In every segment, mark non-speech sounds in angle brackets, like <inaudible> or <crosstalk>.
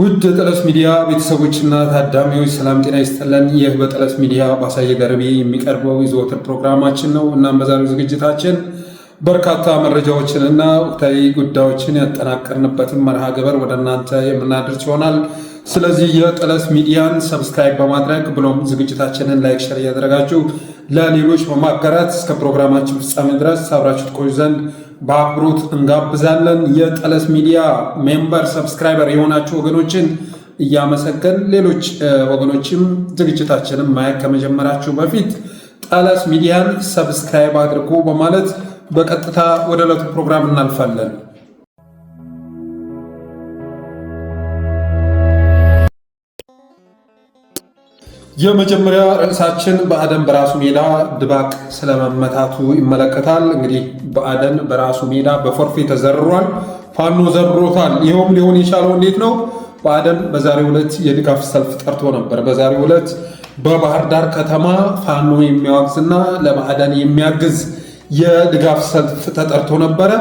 ውድ የጠለስ ሚዲያ ቤተሰቦችና ታዳሚዎች ሰላም ጤና ይስጥልን። ይህ በጠለስ ሚዲያ ባሳየ ገረቢ የሚቀርበው የዘወትር ፕሮግራማችን ነው። እናም በዛሬው ዝግጅታችን በርካታ መረጃዎችን እና ወቅታዊ ጉዳዮችን ያጠናቀርንበትን መርሃ ግብር ወደ እናንተ የምናደርስ ይሆናል። ስለዚህ የጠለስ ሚዲያን ሰብስክራይብ በማድረግ ብሎም ዝግጅታችንን ላይክ፣ ሸር እያደረጋችሁ ለሌሎች በማጋራት እስከ ፕሮግራማችን ፍጻሜ ድረስ አብራችሁ ትቆዩ ዘንድ በአክብሮት እንጋብዛለን። የጠለስ ሚዲያ ሜምበር ሰብስክራይበር የሆናችሁ ወገኖችን እያመሰገን ሌሎች ወገኖችም ዝግጅታችንም ማየት ከመጀመራችሁ በፊት ጠለስ ሚዲያን ሰብስክራይብ አድርጎ በማለት በቀጥታ ወደ ዕለቱ ፕሮግራም እናልፋለን። የመጀመሪያ ርዕሳችን በአደን በራሱ ሜዳ ድባቅ ስለመመታቱ ይመለከታል። እንግዲህ በአደን በራሱ ሜዳ በፎርፌ ተዘርሯል። ፋኖ ዘርሮታል። ይኸውም ሊሆን የቻለው እንዴት ነው? በአደን በዛሬው ዕለት የድጋፍ ሰልፍ ጠርቶ ነበር። በዛሬው ዕለት በባህር ዳር ከተማ ፋኖ የሚያወግዝና ለማዕደን የሚያግዝ የድጋፍ ሰልፍ ተጠርቶ ነበረ።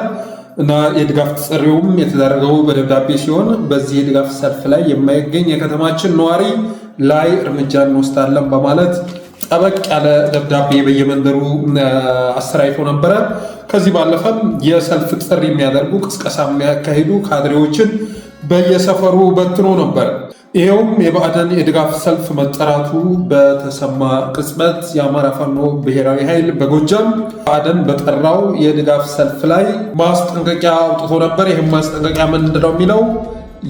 እና የድጋፍ ጥሪውም የተደረገው በደብዳቤ ሲሆን በዚህ የድጋፍ ሰልፍ ላይ የማይገኝ የከተማችን ነዋሪ ላይ እርምጃ እንወስዳለን በማለት ጠበቅ ያለ ደብዳቤ በየመንደሩ አሰራይቶ ነበረ። ከዚህ ባለፈም የሰልፍ ጥሪ የሚያደርጉ ቅስቀሳ የሚያካሂዱ ካድሬዎችን በየሰፈሩ በትኖ ነበር። ይኸውም የባዕደን የድጋፍ ሰልፍ መጠራቱ በተሰማ ቅጽበት የአማራ ፋኖ ብሔራዊ ኃይል በጎጃም ባዕደን በጠራው የድጋፍ ሰልፍ ላይ ማስጠንቀቂያ አውጥቶ ነበር። ይህም ማስጠንቀቂያ ምንድን ነው የሚለው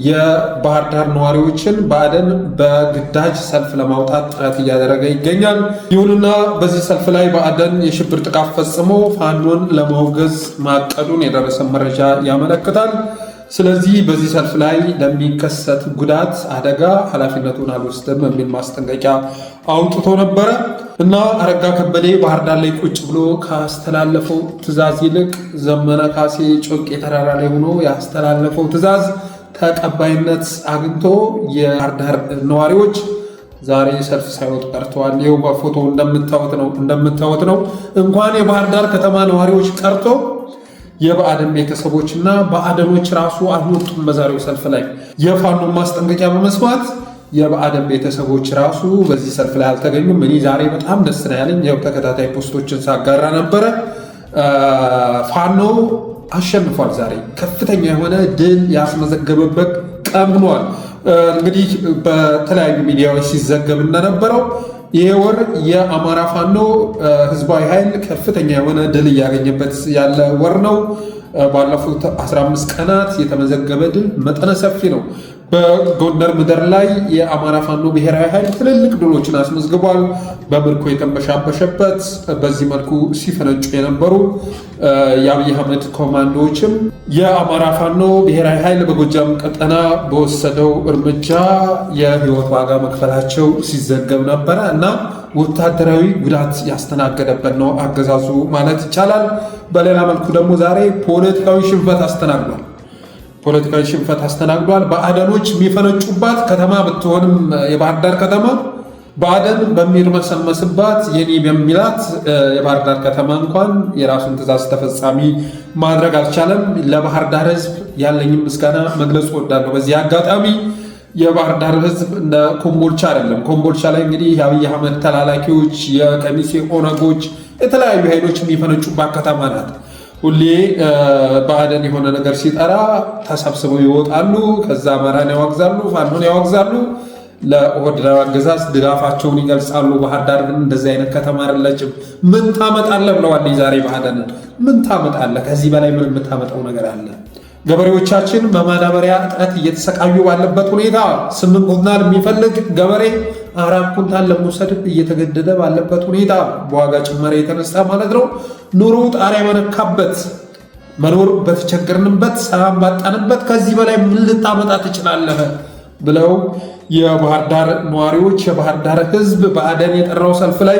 የባህር ዳር ነዋሪዎችን በአደን በግዳጅ ሰልፍ ለማውጣት ጥረት እያደረገ ይገኛል። ይሁንና በዚህ ሰልፍ ላይ በአደን የሽብር ጥቃት ፈጽሞ ፋኖን ለማውገዝ ማቀዱን የደረሰ መረጃ ያመለክታል። ስለዚህ በዚህ ሰልፍ ላይ ለሚከሰት ጉዳት አደጋ ኃላፊነቱን አልወስድም የሚል ማስጠንቀቂያ አውጥቶ ነበረ እና አረጋ ከበዴ ባህር ዳር ላይ ቁጭ ብሎ ካስተላለፈው ትዕዛዝ ይልቅ ዘመነ ካሴ ጮቄ ተራራ ላይ ሆኖ ያስተላለፈው ትዕዛዝ ተቀባይነት አግኝቶ የባህር ዳር ነዋሪዎች ዛሬ ሰልፍ ሳይወጡ ቀርተዋል። ይኸው በፎቶ እንደምታወት ነው እንደምታወት ነው እንኳን የባህር ዳር ከተማ ነዋሪዎች ቀርቶ የብአዴን ቤተሰቦች እና ብአዴኖች ራሱ አልወጡም። በዛሬው ሰልፍ ላይ የፋኖን ማስጠንቀቂያ በመስማት የብአዴን ቤተሰቦች ራሱ በዚህ ሰልፍ ላይ አልተገኙም። እኔ ዛሬ በጣም ደስ ነው ያለኝ። ያው ተከታታይ ፖስቶችን ሳጋራ ነበረ። ፋኖ አሸንፏል። ዛሬ ከፍተኛ የሆነ ድል ያስመዘገበበት ቀን እንግዲህ በተለያዩ ሚዲያዎች ሲዘገብ እንደነበረው ይሄ ወር የአማራ ፋኖ ህዝባዊ ኃይል ከፍተኛ የሆነ ድል እያገኘበት ያለ ወር ነው። ባለፉት 15 ቀናት የተመዘገበ ድል መጠነ ሰፊ ነው። በጎንደር ምድር ላይ የአማራ ፋኖ ብሔራዊ ኃይል ትልልቅ ድሎችን አስመዝግቧል። በምርኮ የተንበሻበሸበት በዚህ መልኩ ሲፈነጩ የነበሩ የአብይ አህመድ ኮማንዶዎችም የአማራ ፋኖ ብሔራዊ ኃይል በጎጃም ቀጠና በወሰደው እርምጃ የህይወት ዋጋ መክፈላቸው ሲዘገብ ነበረ እና ወታደራዊ ጉዳት ያስተናገደበት ነው አገዛዙ ማለት ይቻላል። በሌላ መልኩ ደግሞ ዛሬ ፖለቲካዊ ሽንፈት አስተናግዷል። ፖለቲካዊ ሽንፈት አስተናግዷል። በአደኖች የሚፈነጩባት ከተማ ብትሆንም የባህር ዳር ከተማ በአደን በሚርመሰመስባት የኔ በሚላት የባህር ዳር ከተማ እንኳን የራሱን ትዕዛዝ ተፈጻሚ ማድረግ አልቻለም። ለባህር ዳር ሕዝብ ያለኝም ምስጋና መግለጽ እወዳለሁ በዚህ አጋጣሚ የባህር ዳር ህዝብ እንደ ኮምቦልቻ አይደለም። ኮምቦልቻ ላይ እንግዲህ የአብይ አህመድ ተላላኪዎች፣ የከሚሴ ኦነጎች፣ የተለያዩ ኃይሎች የሚፈነጩባት ከተማ ናት። ሁሌ ባህደን የሆነ ነገር ሲጠራ ተሰብስበው ይወጣሉ። ከዛ አማራን ያዋግዛሉ፣ ፋኖን ያዋግዛሉ፣ ለኦህዴድ አገዛዝ ድጋፋቸውን ይገልጻሉ። ባህር ዳር ግን እንደዚህ አይነት ከተማ አይደለችም። ምን ታመጣለህ ብለዋል ዛሬ ባህደንን። ምን ታመጣለህ? ከዚህ በላይ ምን የምታመጣው ነገር አለ? ገበሬዎቻችን በማዳበሪያ እጥረት እየተሰቃዩ ባለበት ሁኔታ ስምንት ኩንታል የሚፈልግ ገበሬ አራት ኩንታል ለመውሰድ እየተገደደ ባለበት ሁኔታ በዋጋ ጭማሪ የተነሳ ማለት ነው። ኑሮ ጣሪያ በነካበት መኖር በተቸገርንበት ሰላም ባጣንበት ከዚህ በላይ ምን ልታመጣ ትችላለህ? ብለው የባህር ዳር ነዋሪዎች የባህር ዳር ህዝብ በአደን የጠራው ሰልፍ ላይ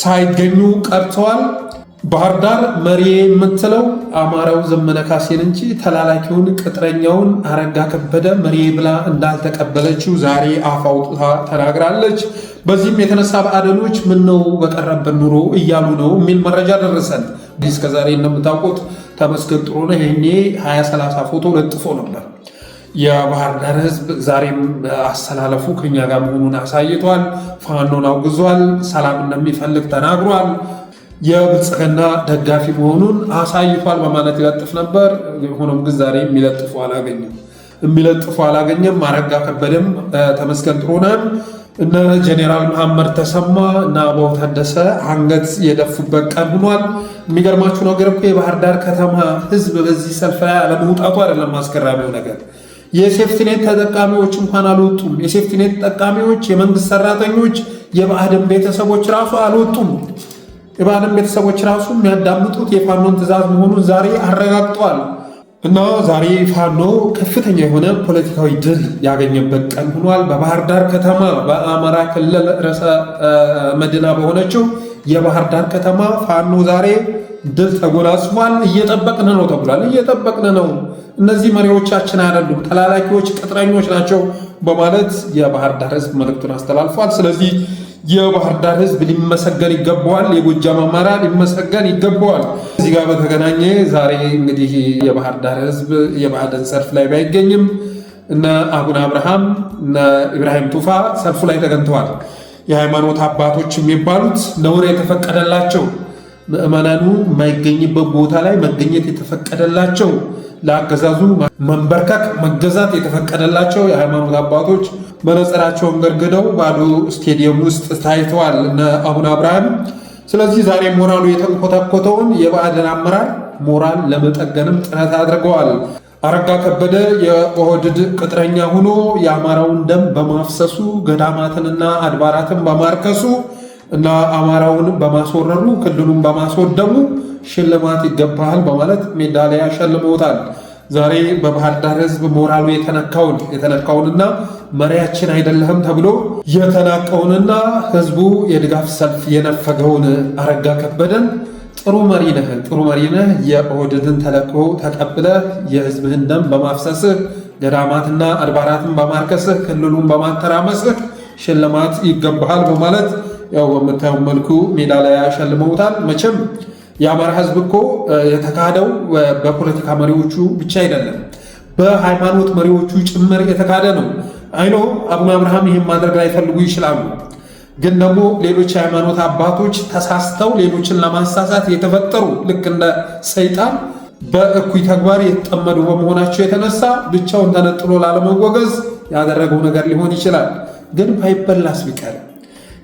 ሳይገኙ ቀርተዋል። ባህር ዳር መሪ የምትለው አማራው ዘመነ ካሴን እንጂ ተላላኪውን ቅጥረኛውን አረጋ ከበደ መሪ ብላ እንዳልተቀበለችው ዛሬ አፍ አውጥታ ተናግራለች። በዚህም የተነሳ በአደኖች ምን ነው በቀረበት ኑሮ እያሉ ነው የሚል መረጃ ደረሰን። እስከ ዛሬ እንደምታውቁት ተመስገን ጥሩነህ ይሄኔ 230 ፎቶ ለጥፎ ነበር። የባህር ዳር ህዝብ ዛሬም አሰላለፉ ከኛ ጋር መሆኑን አሳይቷል። ፋኖን አውግዟል። ሰላም እንደሚፈልግ ተናግሯል። የብልጽግና ደጋፊ መሆኑን አሳይቷል በማለት ይለጥፍ ነበር። ሆኖም ግን ዛሬ የሚለጥፉ አላገኘም የሚለጥፉ አላገኘም። አረጋ ከበደም ተመስገን ጥሩነህም እነ ጄኔራል መሐመድ ተሰማ እና አበባው ታደሰ አንገት የደፉበት ቀን ሆኗል። የሚገርማችሁ ነገር እኮ የባህር ዳር ከተማ ህዝብ በዚህ ሰልፍ ላይ አለመውጣቱ አይደለም አስገራሚው ነገር። የሴፍቲኔት ተጠቃሚዎች እንኳን አልወጡም። የሴፍቲኔት ተጠቃሚዎች፣ የመንግስት ሰራተኞች፣ የባህድን ቤተሰቦች ራሱ አልወጡም። የባለም ቤተሰቦች ራሱ የሚያዳምጡት የፋኖን ትዕዛዝ መሆኑን ዛሬ አረጋግጠዋል እና ዛሬ ፋኖ ከፍተኛ የሆነ ፖለቲካዊ ድል ያገኘበት ቀን ሆኗል። በባህር ዳር ከተማ በአማራ ክልል ርዕሰ መዲና በሆነችው የባህር ዳር ከተማ ፋኖ ዛሬ ድል ተጎናጽፏል። እየጠበቅን ነው ተብሏል። እየጠበቅን ነው፣ እነዚህ መሪዎቻችን አይደሉም፣ ተላላኪዎች፣ ቅጥረኞች ናቸው በማለት የባህር ዳር ህዝብ መልእክቱን አስተላልፏል። ስለዚህ የባህር ዳር ህዝብ ሊመሰገን ይገባዋል። የጎጃም አማራ ሊመሰገን ይገባዋል። እዚህ ጋር በተገናኘ ዛሬ እንግዲህ የባህር ዳር ህዝብ የባዕድን ሰልፍ ላይ ባይገኝም እነ አቡነ አብርሃም እነ ኢብራሂም ቱፋ ሰልፉ ላይ ተገኝተዋል። የሃይማኖት አባቶች የሚባሉት ነውር የተፈቀደላቸው ምዕመናኑ የማይገኝበት ቦታ ላይ መገኘት የተፈቀደላቸው ለአገዛዙ መንበርከክ መገዛት የተፈቀደላቸው የሃይማኖት አባቶች መነጽራቸውን ገርግደው ባዶ ስቴዲየም ውስጥ ታይተዋል እነ አቡነ አብርሃም። ስለዚህ ዛሬ ሞራሉ የተንኮታኮተውን የብአዴን አመራር ሞራል ለመጠገንም ጥረት አድርገዋል። አረጋ ከበደ የኦህድድ ቅጥረኛ ሆኖ የአማራውን ደም በማፍሰሱ ገዳማትንና አድባራትን በማርከሱ እና አማራውንም በማስወረሩ ክልሉን በማስወደሙ ሽልማት ይገባሃል በማለት ሜዳሊያ ሸልመውታል። ዛሬ በባህር ዳር ህዝብ ሞራሉ የተነካውን የተነካውንና መሪያችን አይደለህም ተብሎ የተናቀውንና ህዝቡ የድጋፍ ሰልፍ የነፈገውን አረጋ ከበደን ጥሩ መሪ ነህ፣ ጥሩ መሪ ነህ፣ የኦህዴድን ተልዕኮ ተቀብለህ የህዝብህን ደም በማፍሰስህ ገዳማትና አድባራትን በማርከስህ ክልሉን በማተራመስህ ሽልማት ይገባሃል በማለት ያው በምታየው መልኩ ሜዳ ላይ ያሸልመውታል። መቼም የአማራ ህዝብ እኮ የተካደው በፖለቲካ መሪዎቹ ብቻ አይደለም፣ በሃይማኖት መሪዎቹ ጭምር የተካደ ነው። አይኖ አቡነ አብርሃም ይህን ማድረግ ላይፈልጉ ይችላሉ። ግን ደግሞ ሌሎች የሃይማኖት አባቶች ተሳስተው ሌሎችን ለማሳሳት የተፈጠሩ ልክ እንደ ሰይጣን በእኩይ ተግባር የተጠመዱ በመሆናቸው የተነሳ ብቻውን ተነጥሎ ላለመወገዝ ያደረገው ነገር ሊሆን ይችላል። ግን ባይበላስ ቢቀር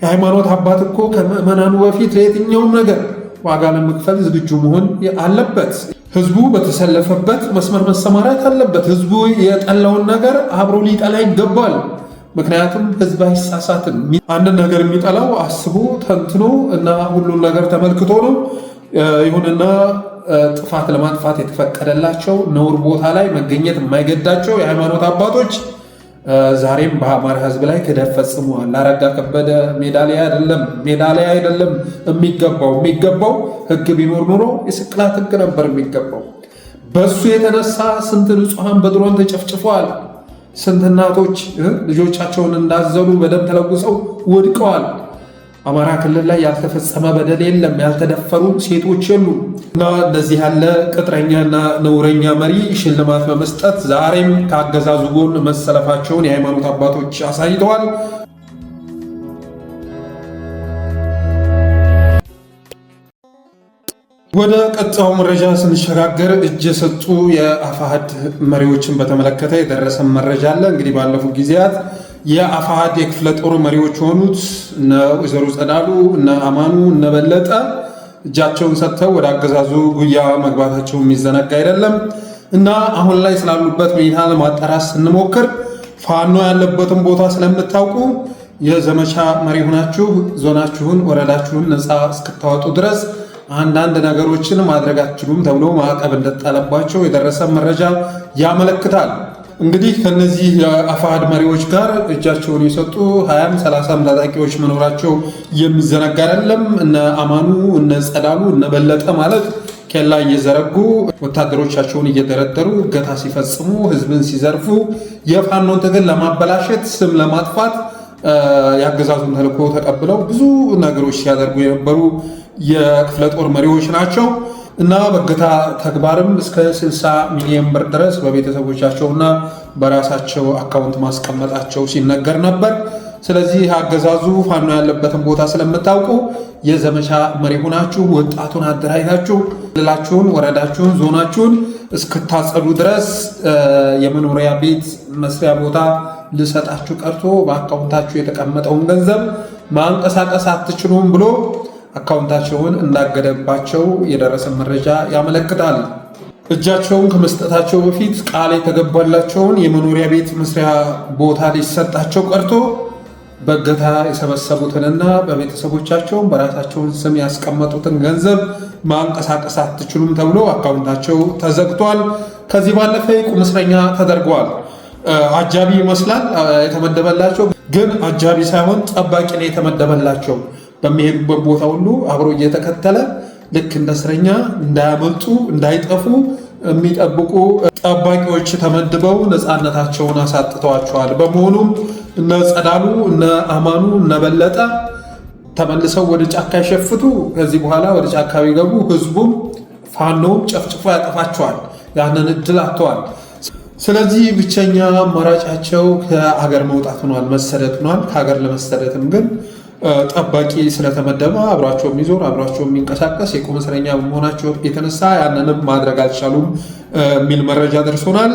የሃይማኖት አባት እኮ ከምዕመናኑ በፊት ለየትኛውም ነገር ዋጋ ለመክፈል ዝግጁ መሆን አለበት። ህዝቡ በተሰለፈበት መስመር መሰማራት አለበት። ህዝቡ የጠላውን ነገር አብሮ ሊጠላ ይገባል። ምክንያቱም ህዝብ አይሳሳትም። አንድን ነገር የሚጠላው አስቦ ተንትኖ እና ሁሉን ነገር ተመልክቶ ነው። ይሁንና ጥፋት ለማጥፋት የተፈቀደላቸው ነውር ቦታ ላይ መገኘት የማይገዳቸው የሃይማኖት አባቶች ዛሬም በአማራ ህዝብ ላይ ክደት ፈጽመዋል። ለአረጋ ከበደ ሜዳሊያ አይደለም ሜዳሊያ አይደለም የሚገባው የሚገባው ህግ ቢኖር ኖሮ የስቅላት ህግ ነበር የሚገባው። በሱ የተነሳ ስንት ንጹሐን በድሮን ተጨፍጭፈዋል። ስንት እናቶች ልጆቻቸውን እንዳዘሉ በደም ተለውሰው ወድቀዋል። አማራ ክልል ላይ ያልተፈጸመ በደል የለም፣ ያልተደፈሩ ሴቶች የሉ እና እንደዚህ ያለ ቅጥረኛና ነውረኛ መሪ ሽልማት በመስጠት ዛሬም ከአገዛዙ ጎን መሰለፋቸውን የሃይማኖት አባቶች አሳይተዋል። ወደ ቀጣው መረጃ ስንሸጋገር እጅ የሰጡ የአፋሕድ መሪዎችን በተመለከተ የደረሰን መረጃ አለ። እንግዲህ ባለፉት ጊዜያት የአፋሃድ የክፍለ ጦር መሪዎች የሆኑት እነ ወይዘሮ ጸዳሉ፣ እነ አማኑ፣ እነ በለጠ እጃቸውን ሰጥተው ወደ አገዛዙ ጉያ መግባታቸው የሚዘነጋ አይደለም እና አሁን ላይ ስላሉበት ሁኔታ ለማጣራት ስንሞክር ፋኖ ያለበትን ቦታ ስለምታውቁ የዘመቻ መሪ ሆናችሁ ዞናችሁን፣ ወረዳችሁን ነፃ እስክታወጡ ድረስ አንዳንድ ነገሮችን ማድረግ አትችሉም ተብሎ ማዕቀብ እንደጣለባቸው የደረሰ መረጃ ያመለክታል። እንግዲህ ከነዚህ የአፋሕድ መሪዎች ጋር እጃቸውን የሰጡ ሀያም ሰላሳም ታጣቂዎች መኖራቸው የሚዘነጋ አይደለም። እነ አማኑ እነ ጸዳሉ እነ በለጠ ማለት ኬላ እየዘረጉ ወታደሮቻቸውን እየደረደሩ እገታ ሲፈጽሙ፣ ህዝብን ሲዘርፉ፣ የፋኖን ትግል ለማበላሸት ስም ለማጥፋት የአገዛዙን ተልዕኮ ተቀብለው ብዙ ነገሮች ሲያደርጉ የነበሩ የክፍለ ጦር መሪዎች ናቸው። እና በእገታ ተግባርም እስከ 60 ሚሊዮን ብር ድረስ በቤተሰቦቻቸውና በራሳቸው አካውንት ማስቀመጣቸው ሲነገር ነበር። ስለዚህ አገዛዙ ፋኖ ያለበትን ቦታ ስለምታውቁ የዘመቻ መሪ ሆናችሁ ወጣቱን አደራጅታችሁ ክልላችሁን፣ ወረዳችሁን፣ ዞናችሁን እስክታጸዱ ድረስ የመኖሪያ ቤት መስሪያ ቦታ ልሰጣችሁ ቀርቶ በአካውንታችሁ የተቀመጠውን ገንዘብ ማንቀሳቀስ አትችሉም ብሎ አካውንታቸውን እንዳገደባቸው የደረሰ መረጃ ያመለክታል። እጃቸውን ከመስጠታቸው በፊት ቃል የተገባላቸውን የመኖሪያ ቤት መስሪያ ቦታ ሊሰጣቸው ቀርቶ በእገታ የሰበሰቡትንና በቤተሰቦቻቸውን በራሳቸውን ስም ያስቀመጡትን ገንዘብ ማንቀሳቀስ አትችሉም ተብሎ አካውንታቸው ተዘግቷል። ከዚህ ባለፈ ቁም እስረኛ ተደርገዋል። አጃቢ ይመስላል የተመደበላቸው፣ ግን አጃቢ ሳይሆን ጠባቂ ነው የተመደበላቸው። በሚሄዱበት ቦታ ሁሉ አብሮ እየተከተለ ልክ እንደ እስረኛ እንዳያመልጡ እንዳይጠፉ የሚጠብቁ ጠባቂዎች ተመድበው ነፃነታቸውን አሳጥተዋቸዋል። በመሆኑም እነ ጸዳሉ፣ እነ አማኑ፣ እነ በለጠ ተመልሰው ወደ ጫካ ይሸፍቱ። ከዚህ በኋላ ወደ ጫካ ቢገቡ ህዝቡም ፋኖም ጨፍጭፎ ያጠፋቸዋል። ያንን እድል አጥተዋል። ስለዚህ ብቸኛ አማራጫቸው ከሀገር መውጣት ሆኗል፣ መሰረት ሆኗል። ከሀገር ለመሰደትም ግን ጠባቂ ስለተመደበ አብራቸው የሚዞር አብራቸው የሚንቀሳቀስ የቁም እስረኛ በመሆናቸው የተነሳ ያንንም ማድረግ አልቻሉም የሚል መረጃ ደርሶናል።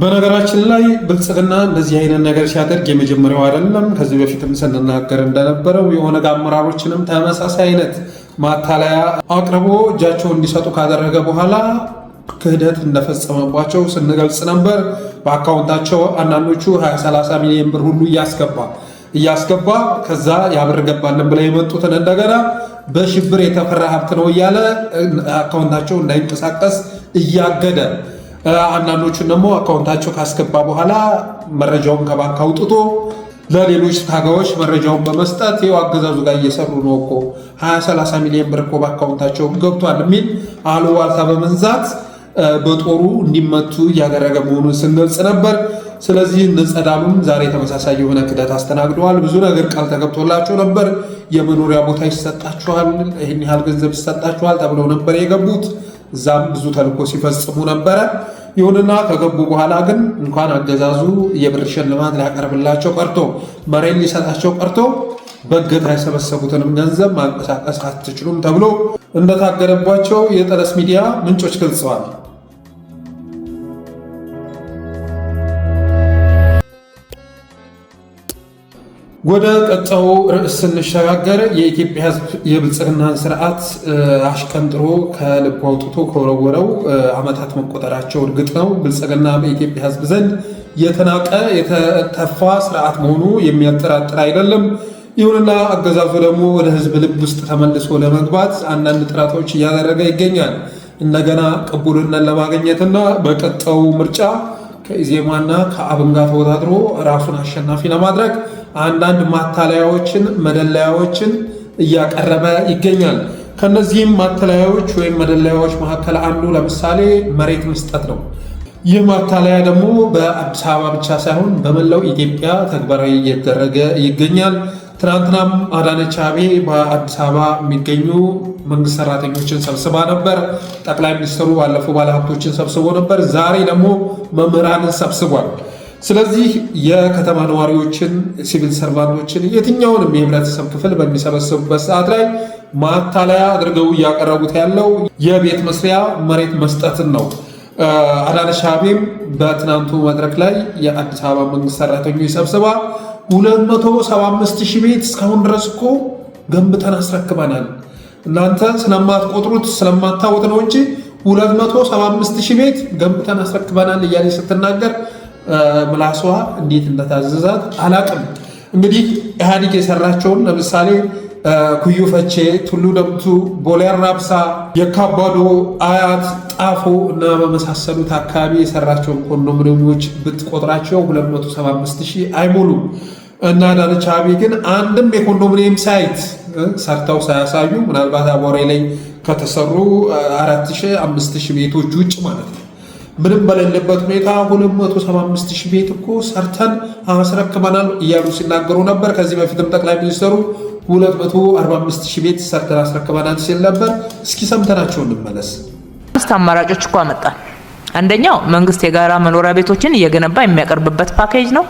በነገራችን ላይ ብልጽግና እንደዚህ አይነት ነገር ሲያደርግ የመጀመሪያው አይደለም። ከዚህ በፊትም ስንናገር እንደነበረው የኦነግ አመራሮችንም ተመሳሳይ አይነት ማታለያ አቅርቦ እጃቸው እንዲሰጡ ካደረገ በኋላ ክህደት እንደፈጸመባቸው ስንገልጽ ነበር። በአካውንታቸው አንዳንዶቹ 20 30 ሚሊዮን ብር ሁሉ እያስገባ እያስገባ ከዛ ያብር ገባለን ብለው የመጡትን እንደገና በሽብር የተፈራ ሀብት ነው እያለ አካውንታቸው እንዳይንቀሳቀስ እያገደ አንዳንዶቹን ደግሞ አካውንታቸው ካስገባ በኋላ መረጃውን ከባንክ አውጥቶ ለሌሎች ታጋዎች መረጃውን በመስጠት ይኸው አገዛዙ ጋር እየሰሩ ነው እኮ 230 ሚሊዮን ብር እኮ በአካውንታቸው ገብቷል የሚል አሉባልታ በመንዛት በጦሩ እንዲመቱ እያደረገ መሆኑን ስንገልጽ ነበር። ስለዚህ ንጸዳምም ዛሬ ተመሳሳይ የሆነ ክደት አስተናግደዋል። ብዙ ነገር ቃል ተገብቶላቸው ነበር። የመኖሪያ ቦታ ይሰጣችኋል፣ ይህን ያህል ገንዘብ ይሰጣችኋል ተብለው ነበር የገቡት። እዛም ብዙ ተልኮ ሲፈጽሙ ነበረ። ይሁንና ከገቡ በኋላ ግን እንኳን አገዛዙ የብር ሽልማት ሊያቀርብላቸው ቀርቶ መሬት ሊሰጣቸው ቀርቶ በእገታ የሰበሰቡትንም ገንዘብ ማንቀሳቀስ አትችሉም ተብሎ እንደታገደባቸው የጠለስ ሚዲያ ምንጮች ገልጸዋል። ወደ ቀጣው ርዕስ ስንሸጋገር የኢትዮጵያ ሕዝብ የብልጽግናን ስርዓት አሽቀንጥሮ ከልብ አውጥቶ ከወረወረው ዓመታት መቆጠራቸው እርግጥ ነው። ብልጽግና በኢትዮጵያ ሕዝብ ዘንድ የተናቀ የተተፋ ስርዓት መሆኑ የሚያጠራጥር አይደለም። ይሁንና አገዛዙ ደግሞ ወደ ሕዝብ ልብ ውስጥ ተመልሶ ለመግባት አንዳንድ ጥረቶች እያደረገ ይገኛል። እንደገና ቅቡልነት ለማግኘትና በቀጣው ምርጫ ከኢዜማና ከአብን ጋር ተወዳድሮ ራሱን አሸናፊ ለማድረግ አንዳንድ ማታለያዎችን፣ መደለያዎችን እያቀረበ ይገኛል። ከነዚህም ማታለያዎች ወይም መደለያዎች መካከል አንዱ ለምሳሌ መሬት መስጠት ነው። ይህ ማታለያ ደግሞ በአዲስ አበባ ብቻ ሳይሆን በመላው ኢትዮጵያ ተግባራዊ እየተደረገ ይገኛል። ትናንትናም አዳነች አቤቤ በአዲስ አበባ የሚገኙ መንግስት ሰራተኞችን ሰብስባ ነበር። ጠቅላይ ሚኒስትሩ ባለፈው ባለሀብቶችን ሰብስቦ ነበር። ዛሬ ደግሞ መምህራንን ሰብስቧል። ስለዚህ የከተማ ነዋሪዎችን፣ ሲቪል ሰርቫንቶችን፣ የትኛውንም የህብረተሰብ ክፍል በሚሰበስቡበት ሰዓት ላይ ማታለያ አድርገው እያቀረቡት ያለው የቤት መስሪያ መሬት መስጠትን ነው። አዳነች አቤቤም በትናንቱ መድረክ ላይ የአዲስ አበባ መንግስት ሰራተኞች ሰብስባ 275 ሺህ ቤት እስካሁን ድረስ እኮ ገንብተን አስረክበናል እናንተ ስለማትቆጥሩት ስለማታወጥ ነው እንጂ 275 ሺህ ቤት ገንብተን አስረክበናል እያለች ስትናገር ምላሷ እንዴት እንደታዘዛት አላቅም። እንግዲህ ኢህአዲግ የሰራቸውን ለምሳሌ ኩዩ ፈቼ፣ ቱሉ ደምቱ፣ ቦሌ አራብሳ፣ የካባዶ አያት፣ ጣፎ እና በመሳሰሉት አካባቢ የሰራቸውን ኮንዶሚኒየሞች ብትቆጥራቸው 275000 አይሞሉም። እና አዳነች አቤቤ ግን አንድም የኮንዶሚኒየም ሳይት ሰርተው ሳያሳዩ ምናልባት አቦሬ ላይ ከተሰሩ 4000 ቤቶች ውጭ ማለት ነው ምንም በሌለበት ሁኔታ 275 ሺህ ቤት እኮ ሰርተን አስረክበናል እያሉ ሲናገሩ ነበር። ከዚህ በፊትም ጠቅላይ ሚኒስትሩ 245 ሺህ ቤት ሰርተን አስረክበናል ሲል ነበር። እስኪ ሰምተናቸው እንመለስ። አምስት አማራጮች እኮ አመጣል። አንደኛው መንግስት የጋራ መኖሪያ ቤቶችን እየገነባ የሚያቀርብበት ፓኬጅ ነው።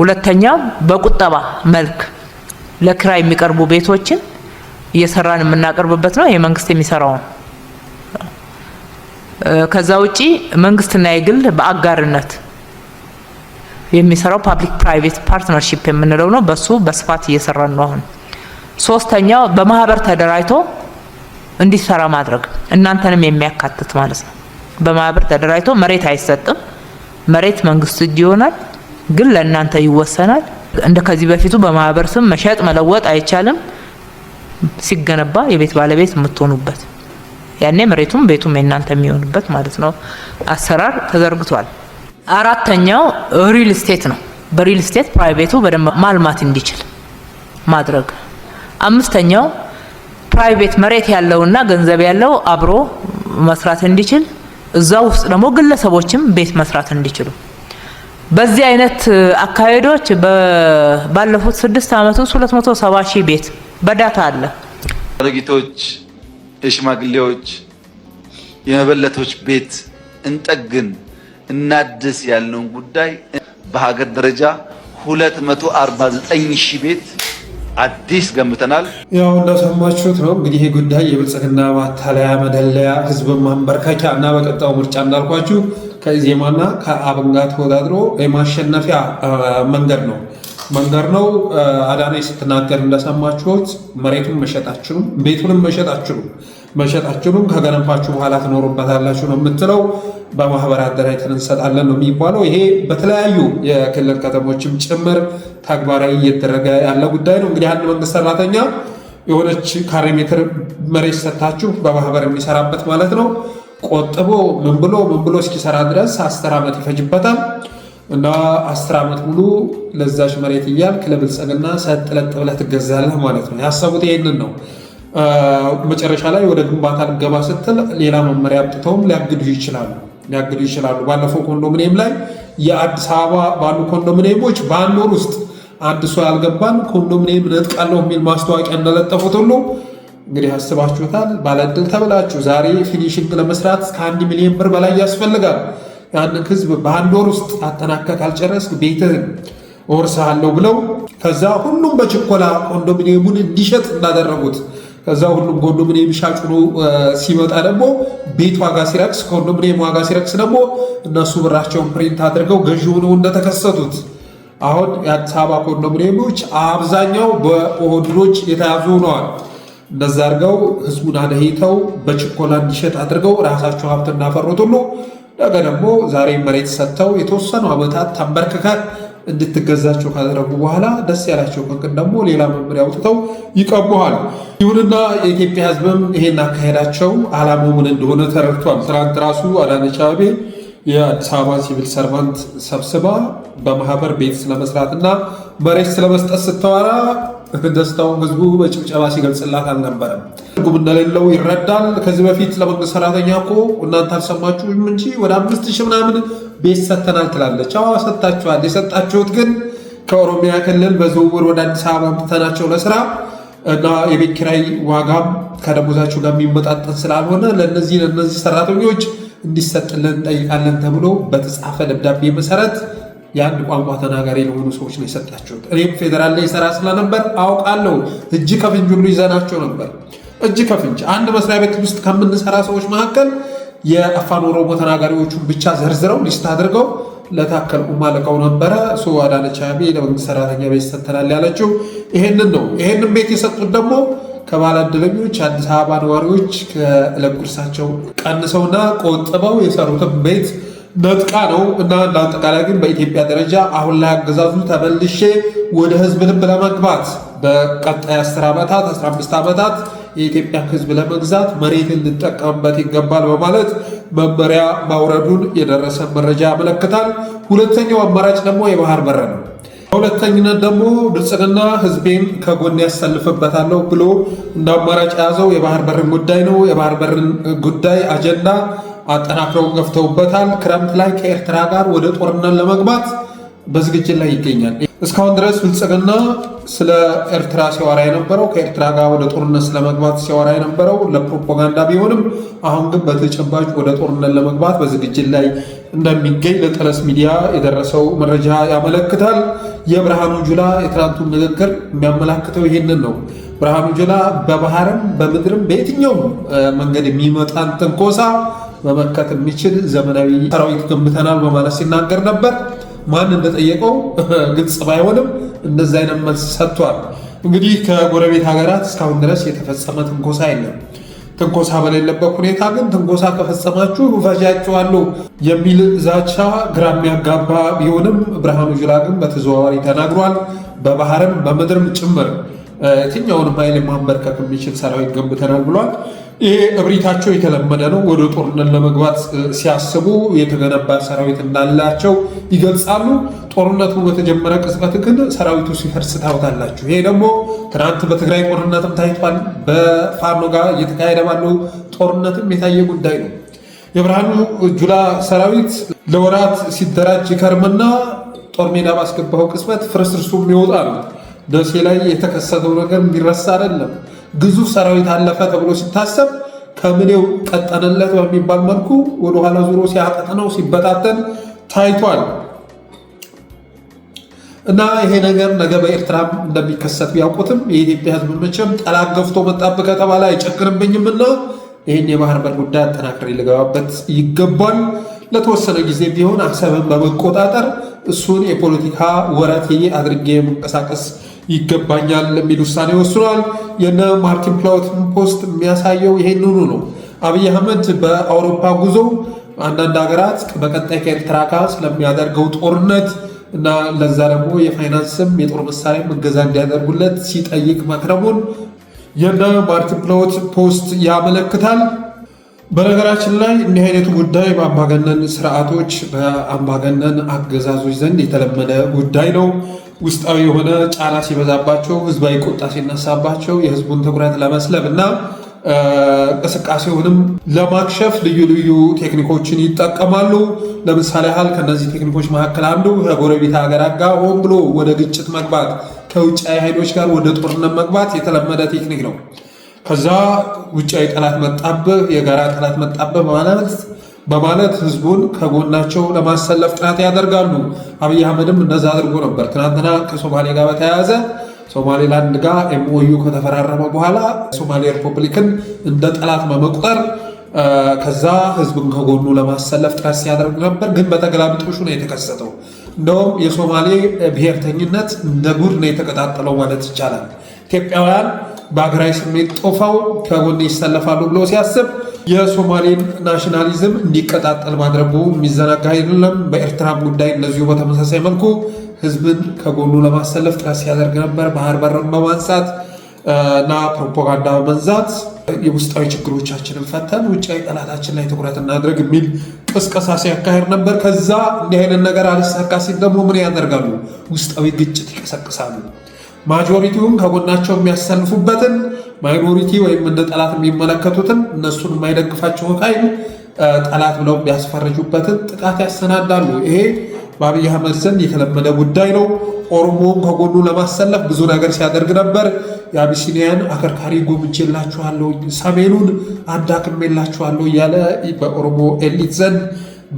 ሁለተኛው በቁጠባ መልክ ለክራይ የሚቀርቡ ቤቶችን እየሰራን የምናቀርብበት ነው። ይሄ መንግስት የሚሰራው ነው። ከዛ ውጪ መንግስትና የግል በአጋርነት የሚሰራው ፓብሊክ ፕራይቬት ፓርትነርሺፕ የምንለው ነው። በሱ በስፋት እየሰራን ነው። አሁን ሶስተኛው በማህበር ተደራጅቶ እንዲሰራ ማድረግ እናንተንም የሚያካትት ማለት ነው። በማህበር ተደራጅቶ መሬት አይሰጥም። መሬት መንግስት እጅ ይሆናል፣ ግን ለእናንተ ይወሰናል። እንደ ከዚህ በፊቱ በማህበር ስም መሸጥ መለወጥ አይቻልም። ሲገነባ የቤት ባለቤት የምትሆኑበት ያኔ መሬቱም ቤቱም የእናንተ የሚሆንበት ማለት ነው አሰራር ተዘርግቷል። አራተኛው ሪል ስቴት ነው። በሪል ስቴት ፕራይቬቱ በደንብ ማልማት እንዲችል ማድረግ። አምስተኛው ፕራይቬት መሬት ያለውና ገንዘብ ያለው አብሮ መስራት እንዲችል፣ እዛ ውስጥ ደግሞ ግለሰቦችም ቤት መስራት እንዲችሉ በዚህ አይነት አካሄዶች ባለፉት ስድስት አመት ውስጥ ሁለት መቶ ሰባ ሺህ ቤት በዳታ አለ ድርጊቶች የሽማግሌዎች የመበለቶች ቤት እንጠግን እናድስ ያለውን ጉዳይ በሀገር ደረጃ 249 ሺህ ቤት አዲስ ገምተናል። ያው እንደሰማችሁት ነው እንግዲህ ይህ ጉዳይ የብልጽግና ማታለያ፣ መደለያ፣ ህዝብ ማንበርከኪያ እና በቀጣው ምርጫ እንዳልኳችሁ ከኢዜማና ከአብን ጋር ተወዳድሮ የማሸነፊያ መንገድ ነው። መንገድ ነው። አዳነች ስትናገር እንደሰማችሁት መሬቱን መሸጣችሁም ቤቱንም መሸጣችሁም። መሸጣችሁም ከገነፋችሁ ከገነባችሁ በኋላ ትኖሩበታላችሁ ነው የምትለው። በማህበር አደራጅተን እንሰጣለን ነው የሚባለው። ይሄ በተለያዩ የክልል ከተሞችም ጭምር ተግባራዊ እየተደረገ ያለ ጉዳይ ነው። እንግዲህ አንድ መንግስት ሰራተኛ የሆነች ካሬ ሜትር መሬት ሰታችሁ በማህበር የሚሰራበት ማለት ነው ቆጥቦ ምን ብሎ ምን ብሎ እስኪሰራ ድረስ አስር ዓመት ይፈጅበታል። እና አስር ዓመት ሙሉ ለዛች መሬት እያልክ ለብልጽግና ሰጥ ለጥ ብለህ ትገዛለህ ማለት ነው። ያሰቡት ይህንን ነው። መጨረሻ ላይ ወደ ግንባታ ልገባ ስትል ሌላ መመሪያ አምጥተውም ሊያግዱ ይችላሉ ሊያግዱ ይችላሉ። ባለፈው ኮንዶሚኒየም ላይ የአዲስ አበባ ባሉ ኮንዶሚኒየሞች በአንድ ወር ውስጥ አንድ ሰው ያልገባን ኮንዶሚኒየም ነጥቃለሁ የሚል ማስታወቂያ እንደለጠፉት ሁሉ እንግዲህ አስባችሁታል። ባለዕድል ተብላችሁ ዛሬ ፊኒሽንግ ለመስራት ከአንድ ሚሊዮን ብር በላይ ያስፈልጋል። ያንን ህዝብ በአንድ ወር ውስጥ አጠናከ ካልጨረስክ ቤትህን እወርሰሃለሁ ብለው ከዛ ሁሉም በችኮላ ኮንዶሚኒየሙን እንዲሸጥ እንዳደረጉት ከዛ ሁሉም ኮንዶሚኒየም ሻጭ ሆኖ ሲመጣ ደግሞ ቤት ዋጋ ሲረክስ፣ ኮንዶሚኒየም ዋጋ ሲረክስ ደግሞ እነሱ ብራቸውን ፕሪንት አድርገው ገዢ ሆነው እንደተከሰቱት አሁን የአዲስ አበባ ኮንዶሚኒየሞች አብዛኛው በኦህዴዶች የተያዙ ሆነዋል። እንደዛ አድርገው ህዝቡን አደሂተው በችኮላ እንዲሸጥ አድርገው ራሳቸው ሀብት እናፈሩት ሁሉ ነገ ደግሞ ዛሬ መሬት ሰጥተው የተወሰኑ ዓመታት ተንበርክካት እንድትገዛቸው ካደረጉ በኋላ ደስ ያላቸው ቀን ደግሞ ሌላ መመሪያ አውጥተው ይቀቡሃል። ይሁንና የኢትዮጵያ ሕዝብም ይሄን አካሄዳቸው አላማው ምን እንደሆነ ተረድቷል። ትናንት ራሱ አዳነች አቤቤ የአዲስ አበባ ሲቪል ሰርቫንት ሰብስባ በማህበር ቤት ስለመስራትና መሬት ስለመስጠት ስተዋራ ደስታውን ህዝቡ በጭብጨባ ሲገልጽላት አልነበረም። ትርጉም እንደሌለው ይረዳል። ከዚህ በፊት ለመንግስት ሰራተኛ እኮ እናንተ አልሰማችሁም እንጂ ወደ አምስት ሺህ ምናምን ቤት ሰተናል ትላለች። አዎ ሰጥታችኋል። የሰጣችሁት ግን ከኦሮሚያ ክልል በዝውውር ወደ አዲስ አበባ አምጥተናቸው ለስራ እና የቤት ኪራይ ዋጋም ከደሞዛቸው ጋር የሚመጣጠን ስላልሆነ ለነዚህ ለነዚህ ሰራተኞች እንዲሰጥልን እንጠይቃለን ተብሎ በተጻፈ ደብዳቤ መሰረት የአንድ ቋንቋ ተናጋሪ ለሆኑ ሰዎች ነው የሰጣችሁት። እኔም ፌዴራል ላይ ይሰራ ስለነበር አውቃለሁ። እጅ ከፍንጅ ሁሉ ይዘናቸው ነበር። እጅ ከፍንጅ አንድ መስሪያ ቤት ውስጥ ከምንሰራ ሰዎች መካከል የአፋን ኦሮሞ ተናጋሪዎቹን ብቻ ዘርዝረው ሊስት አድርገው ለታከል ኡማ ነበረ። እሱ አዳነች አቤቤ ለመንግስት ሰራተኛ ቤት ይሰጠናል ያለችው ይሄንን ነው። ይሄንን ቤት የሰጡት ደግሞ ከባለ ዕድለኞች አዲስ አበባ ነዋሪዎች ከዕለት ጉርሳቸው ቀንሰውና ቆጥበው የሰሩትን ቤት ነጥቃ ነው እና እንደ አጠቃላይ ግን በኢትዮጵያ ደረጃ አሁን ላይ አገዛዙ ተመልሼ ወደ ህዝብ ልብ ለመግባት በቀጣይ 10 ዓመታት 15 ዓመታት የኢትዮጵያ ህዝብ ለመግዛት መሬት ልንጠቀምበት ይገባል በማለት መመሪያ ማውረዱን የደረሰ መረጃ ያመለክታል። ሁለተኛው አማራጭ ደግሞ የባህር በር ነው። በሁለተኝነት ደግሞ ብልጽግና ህዝቤን ከጎን ያሰልፍበታለሁ ብሎ እንደ አማራጭ የያዘው የባህር በርን ጉዳይ ነው። የባህር በርን ጉዳይ አጀንዳ አጠናክረው ገፍተውበታል። ክረምት ላይ ከኤርትራ ጋር ወደ ጦርነት ለመግባት በዝግጅት ላይ ይገኛል። እስካሁን ድረስ ብልጽግና ስለ ኤርትራ ሲያወራ የነበረው ከኤርትራ ጋር ወደ ጦርነት ስለመግባት ሲያወራ የነበረው ለፕሮፓጋንዳ ቢሆንም አሁን ግን በተጨባጭ ወደ ጦርነት ለመግባት በዝግጅት ላይ እንደሚገኝ ለጠለስ ሚዲያ የደረሰው መረጃ ያመለክታል። የብርሃኑ ጁላ የትናንቱ ንግግር የሚያመላክተው ይህንን ነው። ብርሃኑ ጁላ በባህርም በምድርም በየትኛውም መንገድ የሚመጣን ትንኮሳ መመከት የሚችል ዘመናዊ ሰራዊት ገንብተናል በማለት ሲናገር ነበር። ማን እንደጠየቀው <laughs> ግልጽ ባይሆንም እንደዚ አይነት መልስ ሰጥቷል። እንግዲህ ከጎረቤት ሀገራት እስካሁን ድረስ የተፈጸመ ትንኮሳ የለም። ትንኮሳ በሌለበት ሁኔታ ግን ትንኮሳ ከፈጸማችሁ እፈጃችኋለሁ የሚል ዛቻ ግራ የሚያጋባ ቢሆንም ብርሃኑ ጅላ ግን በተዘዋዋሪ ተናግሯል። በባህርም በምድርም ጭምር የትኛውንም ኃይል ማንበርከክ የሚችል ሰራዊት ገንብተናል ብሏል። ይሄ እብሪታቸው የተለመደ ነው። ወደ ጦርነት ለመግባት ሲያስቡ የተገነባ ሰራዊት እንዳላቸው ይገልጻሉ። ጦርነቱ በተጀመረ ቅጽበት ግን ሰራዊቱ ሲፈርስ ታውታላችሁ። ይሄ ደግሞ ትናንት በትግራይ ጦርነትም ታይቷል። በፋኖ ጋር እየተካሄደ ባለው ጦርነትም የታየ ጉዳይ ነው። የብርሃኑ ጁላ ሰራዊት ለወራት ሲደራጅ ይከርምና ጦር ሜዳ ባስገባው ቅጽበት ፍርስርሱ የሚወጣ ነው። ደሴ ላይ የተከሰተው ነገር የሚረሳ አይደለም። ግዙፍ ሰራዊት አለፈ ተብሎ ሲታሰብ ከምኔው ቀጠነለት በሚባል መልኩ ወደኋላ ዙሮ ሲያቀጥነው ሲበታተን ታይቷል። እና ይሄ ነገር ነገ በኤርትራም እንደሚከሰት ቢያውቁትም የኢትዮጵያ ሕዝብ መቼም ጠላት ገፍቶ መጣብ ከተባለ አይጨክንብኝም እና ይህን የባህር በር ጉዳይ አጠናክሬ ልገባበት ይገባል። ለተወሰነ ጊዜ ቢሆን አሰብን በመቆጣጠር እሱን የፖለቲካ ወረት አድርጌ መንቀሳቀስ ይገባኛል የሚል ውሳኔ ወስኗል። የነ ማርቲን ፕላውትን ፖስት የሚያሳየው ይሄንኑ ነው። አብይ አህመድ በአውሮፓ ጉዞ አንዳንድ ሀገራት በቀጣይ ከኤርትራ ጋር ስለሚያደርገው ጦርነት እና ለዛ ደግሞ የፋይናንስም የጦር መሳሪያ እገዛ እንዲያደርጉለት ሲጠይቅ መክረሙን የነ ማርቲን ፕላውት ፖስት ያመለክታል። በነገራችን ላይ እንዲህ አይነቱ ጉዳይ በአምባገነን ስርዓቶች በአምባገነን አገዛዞች ዘንድ የተለመደ ጉዳይ ነው። ውስጣዊ የሆነ ጫና ሲበዛባቸው፣ ህዝባዊ ቁጣ ሲነሳባቸው የህዝቡን ትኩረት ለመስለብ እና እንቅስቃሴውንም ለማክሸፍ ልዩ ልዩ ቴክኒኮችን ይጠቀማሉ። ለምሳሌ ያህል ከነዚህ ቴክኒኮች መካከል አንዱ ከጎረቤት ሀገራት ጋር ሆን ብሎ ወደ ግጭት መግባት፣ ከውጫዊ ኃይሎች ጋር ወደ ጦርነት መግባት የተለመደ ቴክኒክ ነው። ከዛ ውጫዊ ጠላት መጣብህ፣ የጋራ ጠላት መጣብህ ማለት በማለት ህዝቡን ከጎናቸው ለማሰለፍ ጥናት ያደርጋሉ። አብይ አህመድም እነዚ አድርጎ ነበር። ትናንትና ከሶማሌ ጋር በተያያዘ ሶማሌላንድ ጋር ኤምኦዩ ከተፈራረመ በኋላ ሶማሌ ሪፐብሊክን እንደ ጠላት በመቁጠር ከዛ ህዝቡን ከጎኑ ለማሰለፍ ጥረት ሲያደርግ ነበር። ግን በተገላቢጦሹ ነው የተከሰተው። እንደውም የሶማሌ ብሔርተኝነት እንደ ጉድ ነው የተቀጣጠለው ማለት ይቻላል። ኢትዮጵያውያን በሀገራዊ ስሜት ጦፋው ከጎን ይሰለፋሉ ብሎ ሲያስብ የሶማሌን ናሽናሊዝም እንዲቀጣጠል ማድረጉ የሚዘናጋ አይደለም። በኤርትራ ጉዳይ እንደዚሁ በተመሳሳይ መልኩ ህዝብን ከጎኑ ለማሰለፍ ጥረት ሲያደርግ ነበር። ባህር በርን በማንሳት እና ፕሮፓጋንዳ በመንዛት የውስጣዊ ችግሮቻችንን ፈተን ውጫዊ ጠላታችን ላይ ትኩረት እናድረግ የሚል ቅስቀሳ ሲያካሄድ ነበር። ከዛ እንዲህ አይነት ነገር አልሳካ ሲል ደግሞ ምን ያደርጋሉ? ውስጣዊ ግጭት ይቀሰቅሳሉ። ማጆሪቲውን ከጎናቸው የሚያሰልፉበትን ማይኖሪቲ ወይም እንደ ጠላት የሚመለከቱትን እነሱን የማይደግፋቸው ኃይል ጠላት ብለው የሚያስፈርጁበትን ጥቃት ያሰናዳሉ። ይሄ በአብይ አህመድ ዘንድ የተለመደ ጉዳይ ነው። ኦሮሞውን ከጎኑ ለማሰለፍ ብዙ ነገር ሲያደርግ ነበር። የአቢሲኒያን አከርካሪ ጎምቼላችኋለሁ፣ ሰሜኑን አዳክሜላችኋለሁ እያለ በኦሮሞ ኤሊት ዘንድ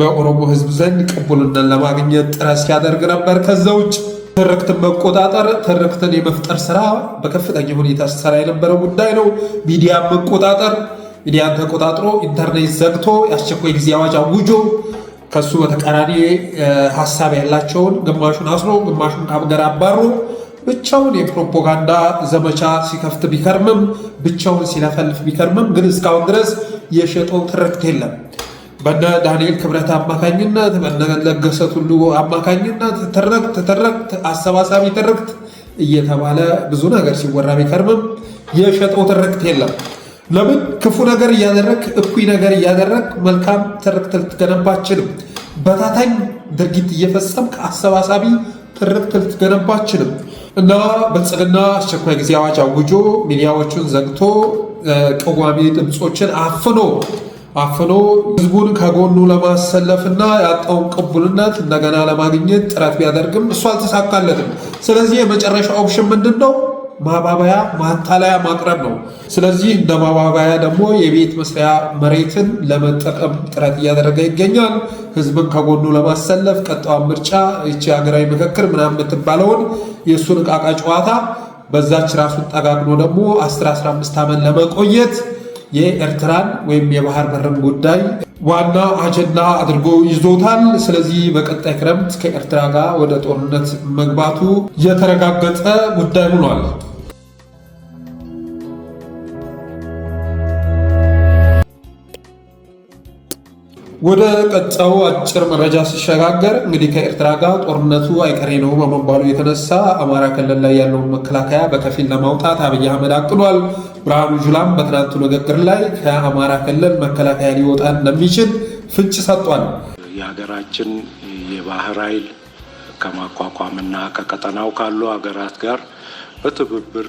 በኦሮሞ ህዝብ ዘንድ ቅቡልነት ለማግኘት ጥረት ሲያደርግ ነበር ከዛ ውጭ ትርክትን መቆጣጠር ትርክትን የመፍጠር ስራ በከፍተኛ ሁኔታ ሲሰራ የነበረው ጉዳይ ነው። ሚዲያን መቆጣጠር ሚዲያን ተቆጣጥሮ ኢንተርኔት ዘግቶ የአስቸኳይ ጊዜ አዋጅ አውጆ ከሱ በተቃራኒ ሀሳብ ያላቸውን ግማሹን አስሮ ግማሹን ከሀገር አባሮ ብቻውን የፕሮፓጋንዳ ዘመቻ ሲከፍት ቢከርምም ብቻውን ሲለፈልፍ ቢከርምም ግን እስካሁን ድረስ የሸጠው ትርክት የለም። በነ ዳንኤል ክብረት አማካኝነት በነ ለገሰ ቱሉ አማካኝነት ትርክት ትርክት አሰባሳቢ ትርክት እየተባለ ብዙ ነገር ሲወራ ቢከርምም የሸጠው ትርክት የለም። ለምን ክፉ ነገር እያደረግ እኩይ ነገር እያደረግ መልካም ትርክት ልትገነባችንም በታታኝ ድርጊት እየፈጸምክ አሰባሳቢ ትርክት ልትገነባችንም እና ብልጽግና አስቸኳይ ጊዜ አዋጅ አውጆ ሚዲያዎቹን ዘግቶ ቅዋሚ ድምፆችን አፍኖ አፍኖ ህዝቡን ከጎኑ ለማሰለፍና ያጣውን ቅቡልነት እንደገና ለማግኘት ጥረት ቢያደርግም እሱ አልተሳካለትም። ስለዚህ የመጨረሻ ኦፕሽን ምንድን ነው? ማባበያ ማታለያ ማቅረብ ነው። ስለዚህ እንደ ማባበያ ደግሞ የቤት መስሪያ መሬትን ለመጠቀም ጥረት እያደረገ ይገኛል። ህዝብን ከጎኑ ለማሰለፍ ቀጣዋን ምርጫ ይቺ ሀገራዊ ምክክር ምናምን የምትባለውን የእሱን እቃቃ ጨዋታ በዛች ራሱን ጠጋግኖ ደግሞ 10 15 ዓመት ለመቆየት የኤርትራን ወይም የባህር በርን ጉዳይ ዋና አጀንዳ አድርጎ ይዞታል። ስለዚህ በቀጣይ ክረምት ከኤርትራ ጋር ወደ ጦርነት መግባቱ የተረጋገጠ ጉዳይ ሆኗል። ወደ ቀጣው አጭር መረጃ ሲሸጋገር እንግዲህ ከኤርትራ ጋር ጦርነቱ አይቀሬ ነው በመባሉ የተነሳ አማራ ክልል ላይ ያለውን መከላከያ በከፊል ለማውጣት አብይ አህመድ አቅዷል። ብርሃኑ ጁላም በትናንቱ ንግግር ላይ ከአማራ ክልል መከላከያ ሊወጣ እንደሚችል ፍንጭ ሰጥቷል። የሀገራችን የባህር ኃይል ከማቋቋምና ከቀጠናው ካሉ ሀገራት ጋር በትብብር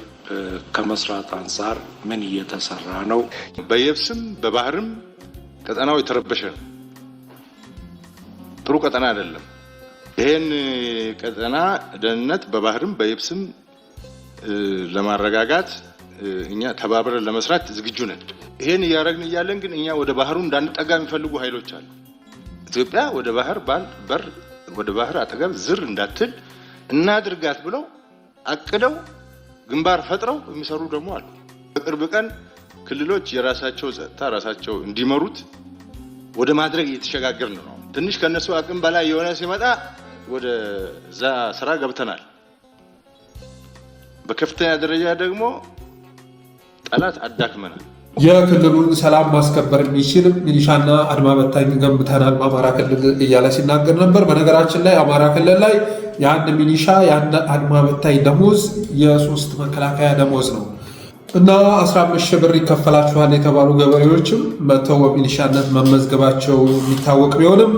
ከመስራት አንጻር ምን እየተሰራ ነው? በየብስም በባህርም ቀጠናው የተረበሸ ነው። ጥሩ ቀጠና አይደለም። ይህን ቀጠና ደህንነት በባህርም በየብስም ለማረጋጋት እኛ ተባብረን ለመስራት ዝግጁ ነን። ይሄን እያደረግን እያለን ግን እኛ ወደ ባህሩ እንዳንጠጋ የሚፈልጉ ኃይሎች አሉ። ኢትዮጵያ ወደ ባህር በር ወደ ባህር አጠገብ ዝር እንዳትል እናድርጋት ብለው አቅደው ግንባር ፈጥረው የሚሰሩ ደግሞ አሉ። በቅርብ ቀን ክልሎች የራሳቸው ጸጥታ ራሳቸው እንዲመሩት ወደ ማድረግ እየተሸጋገር ነው። ትንሽ ከነሱ አቅም በላይ የሆነ ሲመጣ ወደዛ ስራ ገብተናል። በከፍተኛ ደረጃ ደግሞ ጠላት አዳክመናል። የክልሉን ሰላም ማስከበር የሚችል ሚሊሻና አድማ በታኝ ገንብተናል በአማራ ክልል እያለ ሲናገር ነበር። በነገራችን ላይ አማራ ክልል ላይ የአንድ ሚሊሻ የአንድ አድማ በታኝ ደሞዝ የሶስት መከላከያ ደሞዝ ነው። እና 15 ሺህ ብር ይከፈላችኋል የተባሉ ገበሬዎችም መጥተው በሚሊሻነት መመዝገባቸው የሚታወቅ ቢሆንም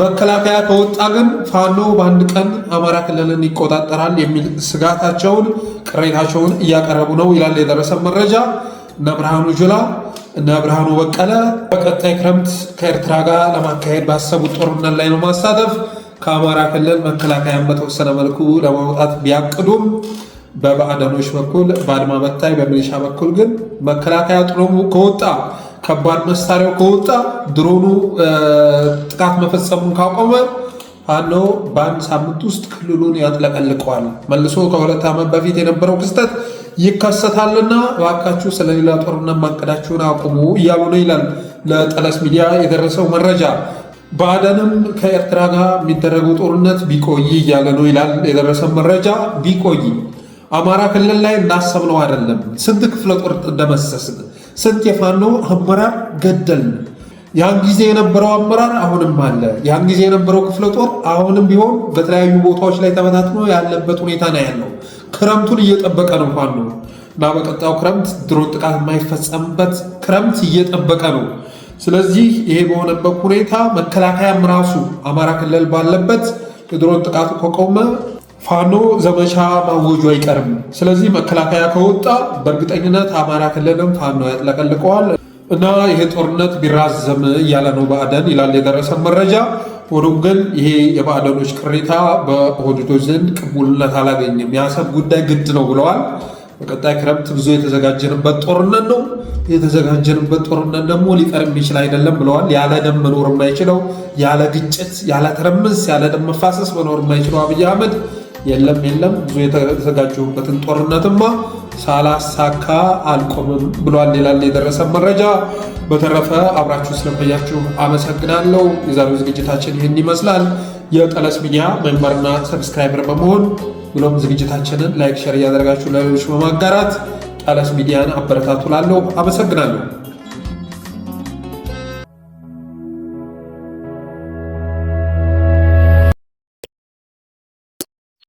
መከላከያ ከወጣ ግን ፋኖ በአንድ ቀን አማራ ክልልን ይቆጣጠራል የሚል ስጋታቸውን፣ ቅሬታቸውን እያቀረቡ ነው ይላል የደረሰ መረጃ። እነ ብርሃኑ ጁላ እነ ብርሃኑ በቀለ በቀጣይ ክረምት ከኤርትራ ጋር ለማካሄድ ባሰቡት ጦርነት ላይ ነው ማሳተፍ ከአማራ ክልል መከላከያን በተወሰነ መልኩ ለማውጣት ቢያቅዱም በባዕደኖች በኩል በአድማ በታይ በሚሊሻ በኩል ግን መከላከያ ጥሮሙ ከወጣ ከባድ መሳሪያው ከወጣ ድሮኑ ጥቃት መፈጸሙን ካቆመ ፋኖ በአንድ ሳምንት ውስጥ ክልሉን ያጥለቀልቀዋል። መልሶ ከሁለት ዓመት በፊት የነበረው ክስተት ይከሰታልና እባካችሁ ስለሌላ ጦርነት ማቀዳችሁን አቁሙ እያሉ ነው ይላል ለጠለስ ሚዲያ የደረሰው መረጃ። ባዕደንም ከኤርትራ ጋር የሚደረገው ጦርነት ቢቆይ እያለ ነው ይላል የደረሰው መረጃ ቢቆይ አማራ ክልል ላይ እንዳሰብነው አይደለም። ስንት ክፍለ ጦር እንደመሰስን፣ ስንት የፋኖ አመራር ገደልን። ያን ጊዜ የነበረው አመራር አሁንም አለ። ያን ጊዜ የነበረው ክፍለ ጦር አሁንም ቢሆን በተለያዩ ቦታዎች ላይ ተበታትኖ ያለበት ሁኔታ ነው ያለው። ክረምቱን እየጠበቀ ነው ፋኖ እና በቀጣው ክረምት ድሮን ጥቃት የማይፈጸምበት ክረምት እየጠበቀ ነው። ስለዚህ ይሄ በሆነበት ሁኔታ መከላከያም ራሱ አማራ ክልል ባለበት የድሮን ጥቃቱ ከቆመ ፋኖ ዘመቻ ማወጁ አይቀርም። ስለዚህ መከላከያ ከወጣ በእርግጠኝነት አማራ ክልልም ፋኖ ያጥለቀልቀዋል እና ይሄ ጦርነት ቢራዘም እያለ ነው ብአዴን ይላል የደረሰን መረጃ። ሆኖም ግን ይሄ የብአዴኖች ቅሬታ በኦህዴዶች ዘንድ ቅቡልነት አላገኘም። የአሰብ ጉዳይ ግድ ነው ብለዋል። በቀጣይ ክረምት ብዙ የተዘጋጀንበት ጦርነት ነው። የተዘጋጀንበት ጦርነት ደግሞ ሊቀር የሚችል አይደለም ብለዋል። ያለ ደም መኖር የማይችለው ያለ ግጭት፣ ያለ ትርምስ፣ ያለ ደም መፋሰስ መኖር የማይችለው አብይ አህመድ የለም የለም ብዙ የተዘጋጀሁበትን ጦርነትማ ሳላሳካ አልቆምም ብሏል ይላል የደረሰ መረጃ። በተረፈ አብራችሁ ስለቆያችሁ አመሰግናለሁ። የዛሬው ዝግጅታችን ይህን ይመስላል። የጠለስ ሚዲያ መንበርና ሰብስክራይበር በመሆን ብሎም ዝግጅታችንን ላይክ፣ ሸር እያደረጋችሁ ለሌሎች በማጋራት ጠለስ ሚዲያን አበረታቱ አመሰግናለሁ።